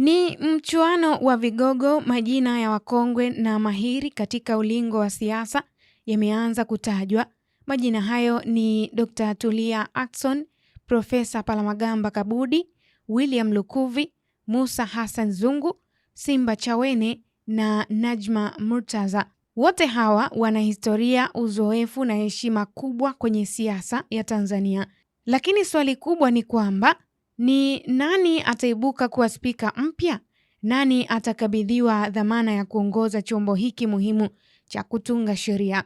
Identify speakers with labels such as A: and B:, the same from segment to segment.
A: Ni mchuano wa vigogo, majina ya wakongwe na mahiri katika ulingo wa siasa yameanza kutajwa. Majina hayo ni Dr. Tulia Ackson, Profesa Palamagamba Kabudi, William Lukuvi, Musa Hassan Zungu, Simba Chawene na Najma Murtaza. Wote hawa wana historia, uzoefu na heshima kubwa kwenye siasa ya Tanzania. Lakini swali kubwa ni kwamba ni nani ataibuka kuwa spika mpya? Nani atakabidhiwa dhamana ya kuongoza chombo hiki muhimu cha kutunga sheria?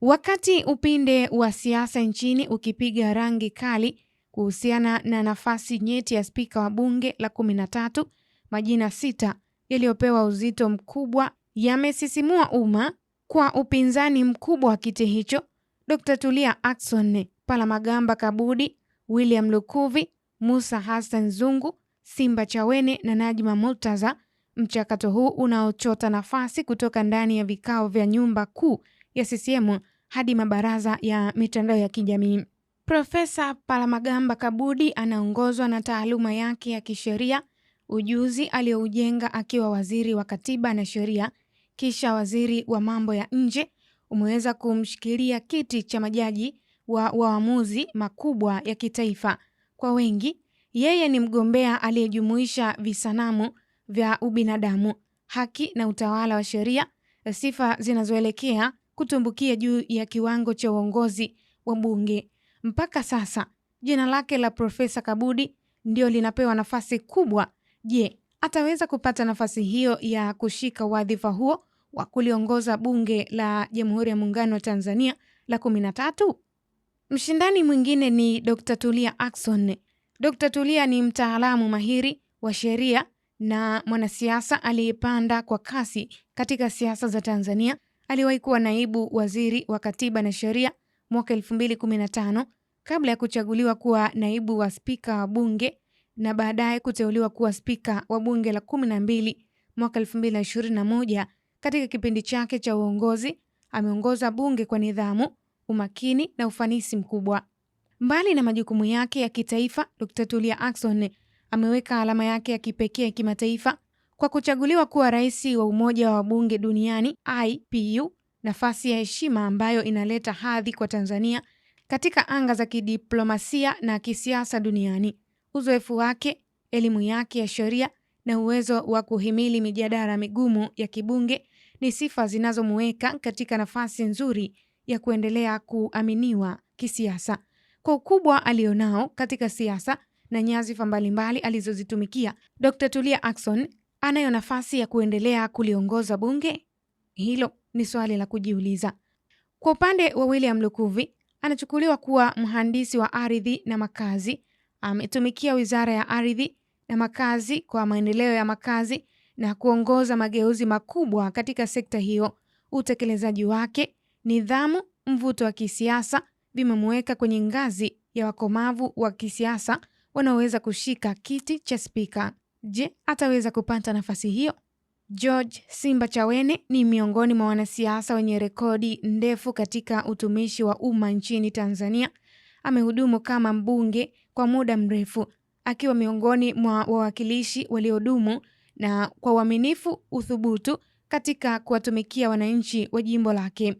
A: Wakati upinde wa siasa nchini ukipiga rangi kali kuhusiana na nafasi nyeti ya spika wa bunge la kumi na tatu, majina sita yaliyopewa uzito mkubwa yamesisimua umma kwa upinzani mkubwa wa kiti hicho. Dkt. Tulia akson Palamagamba Kabudi, William Lukuvi, Musa Hassan Zungu, Simba Chawene na Najma Murtaza. Mchakato huu unaochota nafasi kutoka ndani ya vikao vya nyumba kuu ya CCM hadi mabaraza ya mitandao ya kijamii. Profesa Palamagamba Kabudi anaongozwa na taaluma yake ya kisheria, ujuzi aliyoujenga akiwa waziri wa katiba na sheria, kisha waziri wa mambo ya nje, umeweza kumshikilia kiti cha majaji wa waamuzi makubwa ya kitaifa. Kwa wengi, yeye ni mgombea aliyejumuisha visanamu vya ubinadamu, haki na utawala wa sheria, sifa zinazoelekea kutumbukia juu ya kiwango cha uongozi wa Bunge. Mpaka sasa jina lake la Profesa Kabudi ndio linapewa nafasi kubwa. Je, ataweza kupata nafasi hiyo ya kushika wadhifa huo wa kuliongoza Bunge la Jamhuri ya Muungano wa Tanzania la kumi na tatu? Mshindani mwingine ni Dr. Tulia Ackson. Dr. Tulia ni mtaalamu mahiri wa sheria na mwanasiasa aliyepanda kwa kasi katika siasa za Tanzania. Aliwahi kuwa naibu waziri wa katiba na sheria mwaka 2015 kabla ya kuchaguliwa kuwa naibu wa spika wa bunge na baadaye kuteuliwa kuwa spika wa bunge la 12 mwaka 2021. Katika kipindi chake cha uongozi ameongoza bunge kwa nidhamu umakini na ufanisi mkubwa. Mbali na majukumu yake ya kitaifa, Dkt. Tulia Ackson ameweka alama yake ya kipekee kimataifa kwa kuchaguliwa kuwa rais wa Umoja wa Wabunge Duniani IPU, nafasi ya heshima ambayo inaleta hadhi kwa Tanzania katika anga za kidiplomasia na kisiasa duniani. Uzoefu wake, elimu yake ya sheria na uwezo wa kuhimili mijadala migumu ya kibunge ni sifa zinazomuweka katika nafasi nzuri ya kuendelea kuaminiwa kisiasa kwa ukubwa alionao katika siasa na nyazifa mbalimbali alizozitumikia. Dr. Tulia akson anayo nafasi ya kuendelea kuliongoza bunge? Hilo ni swali la kujiuliza. Kwa upande wa William Lukuvi, anachukuliwa kuwa mhandisi wa ardhi na makazi. Ametumikia wizara ya ardhi na makazi kwa maendeleo ya makazi na kuongoza mageuzi makubwa katika sekta hiyo. Utekelezaji wake nidhamu, mvuto wa kisiasa vimemuweka kwenye ngazi ya wakomavu wa kisiasa wanaoweza kushika kiti cha spika. Je, ataweza kupata nafasi hiyo? George Simba Chawene ni miongoni mwa wanasiasa wenye rekodi ndefu katika utumishi wa umma nchini Tanzania. Amehudumu kama mbunge kwa muda mrefu, akiwa miongoni mwa wawakilishi waliodumu na kwa uaminifu, uthubutu katika kuwatumikia wananchi wa jimbo lake.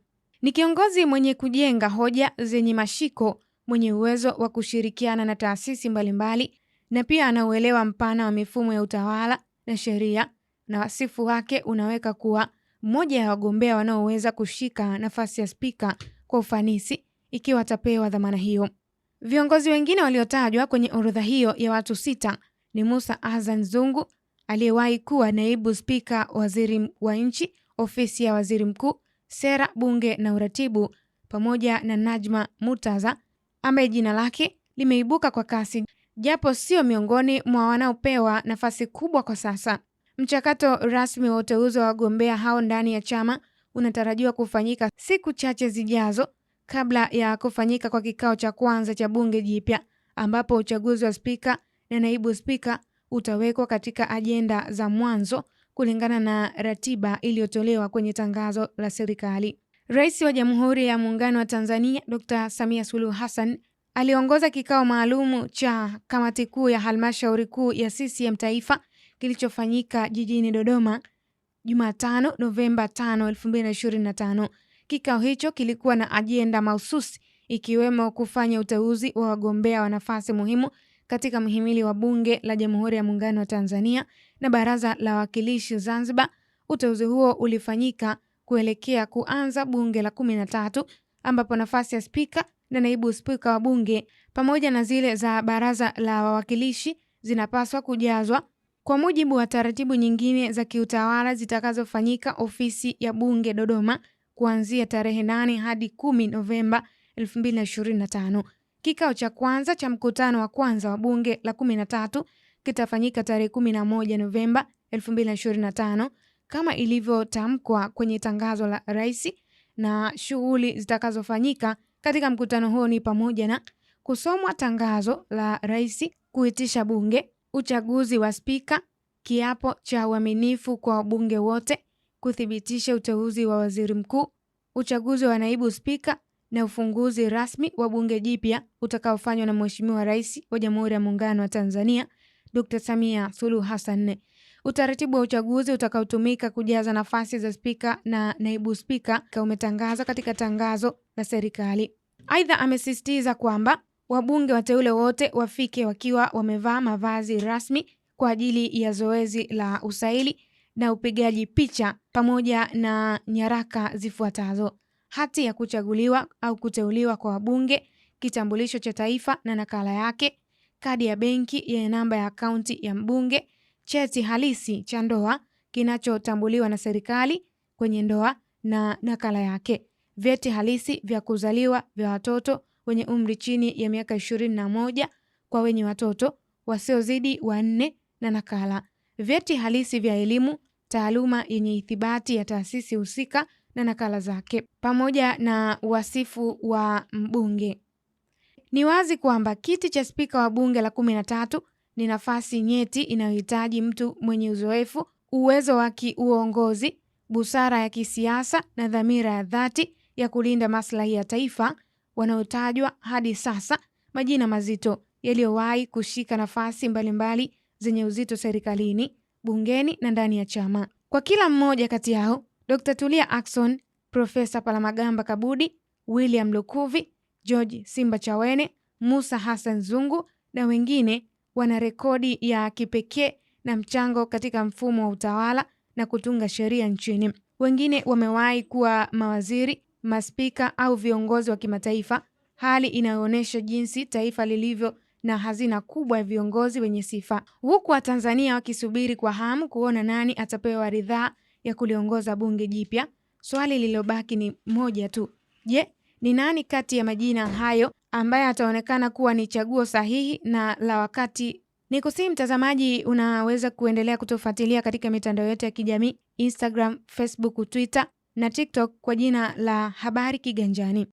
A: Ni kiongozi mwenye kujenga hoja zenye mashiko, mwenye uwezo wa kushirikiana na taasisi mbalimbali na pia anauelewa mpana wa mifumo ya utawala na sheria, na wasifu wake unaweka kuwa mmoja ya wagombea wanaoweza kushika nafasi ya spika kwa ufanisi ikiwa atapewa dhamana hiyo. Viongozi wengine waliotajwa kwenye orodha hiyo ya watu sita ni Musa Azan Zungu aliyewahi kuwa naibu spika, waziri wa nchi, ofisi ya waziri mkuu sera, bunge na uratibu pamoja na Najma Murtaza ambaye jina lake limeibuka kwa kasi japo sio miongoni mwa wanaopewa nafasi kubwa kwa sasa. Mchakato rasmi wa uteuzi wa wagombea hao ndani ya chama unatarajiwa kufanyika siku chache zijazo kabla ya kufanyika kwa kikao cha kwanza cha bunge jipya ambapo uchaguzi wa spika na naibu spika utawekwa katika ajenda za mwanzo kulingana na ratiba iliyotolewa kwenye tangazo la serikali. Rais wa Jamhuri ya Muungano wa Tanzania Dr. Samia Suluhu Hassan aliongoza kikao maalum cha kamati kuu ya halmashauri kuu ya CCM Taifa kilichofanyika jijini Dodoma Jumatano, Novemba 5, 2025. Kikao hicho kilikuwa na ajenda mahususi ikiwemo kufanya uteuzi wa wagombea wa nafasi muhimu katika mhimili wa Bunge la Jamhuri ya Muungano wa Tanzania na Baraza la Wawakilishi Zanzibar. Uteuzi huo ulifanyika kuelekea kuanza Bunge la kumi na tatu ambapo nafasi ya spika na naibu spika wa bunge pamoja na zile za Baraza la Wawakilishi zinapaswa kujazwa kwa mujibu wa taratibu nyingine za kiutawala zitakazofanyika ofisi ya Bunge Dodoma kuanzia tarehe nane hadi kumi Novemba 2025. Kikao cha kwanza cha mkutano wa kwanza wa bunge la 13 kitafanyika tarehe 11 Novemba 2025 kama ilivyotamkwa kwenye tangazo la rais, na shughuli zitakazofanyika katika mkutano huo ni pamoja na kusomwa tangazo la rais, kuitisha bunge, uchaguzi wa spika, kiapo cha uaminifu kwa wabunge wote, kuthibitisha uteuzi wa waziri mkuu, uchaguzi wa naibu spika na ufunguzi rasmi wa bunge jipya utakaofanywa na Mheshimiwa Rais wa Jamhuri ya Muungano wa Tanzania Dr. Samia Suluhu Hassan. Utaratibu wa uchaguzi utakaotumika kujaza nafasi za spika na naibu spika umetangazwa katika tangazo la serikali. Aidha, amesisitiza kwamba wabunge wateule wote wafike wakiwa wamevaa mavazi rasmi kwa ajili ya zoezi la usaili na upigaji picha pamoja na nyaraka zifuatazo hati ya kuchaguliwa au kuteuliwa kwa wabunge, kitambulisho cha taifa na nakala yake, kadi ya benki yenye namba ya akaunti ya mbunge, cheti halisi cha ndoa kinachotambuliwa na serikali kwenye ndoa na nakala yake, vyeti halisi vya kuzaliwa vya watoto wenye umri chini ya miaka ishirini na moja kwa wenye watoto wasiozidi wanne na nakala, vyeti halisi vya elimu, taaluma yenye ithibati ya taasisi husika na nakala zake pamoja na wasifu wa mbunge. Ni wazi kwamba kiti cha spika wa bunge la kumi na tatu ni nafasi nyeti inayohitaji mtu mwenye uzoefu, uwezo wa kiuongozi, busara ya kisiasa na dhamira ya dhati ya kulinda maslahi ya taifa, wanaotajwa hadi sasa majina mazito yaliyowahi kushika nafasi mbalimbali zenye uzito serikalini, bungeni na ndani ya chama. Kwa kila mmoja kati yao Dr. Tulia Ackson, Profesa Palamagamba Kabudi, William Lukuvi, George Simba Chawene, Musa Hassan Zungu na wengine wana rekodi ya kipekee na mchango katika mfumo wa utawala na kutunga sheria nchini. Wengine wamewahi kuwa mawaziri, maspika au viongozi wa kimataifa, hali inayoonyesha jinsi taifa lilivyo na hazina kubwa ya viongozi wenye sifa, huku Watanzania wakisubiri kwa hamu kuona nani atapewa ridhaa ya kuliongoza bunge jipya, swali lililobaki ni moja tu. Je, ni nani kati ya majina hayo ambaye ataonekana kuwa ni chaguo sahihi na la wakati? Ni kusihi mtazamaji, unaweza kuendelea kutufuatilia katika mitandao yote ya kijamii Instagram, Facebook, Twitter na TikTok kwa jina la Habari Kiganjani.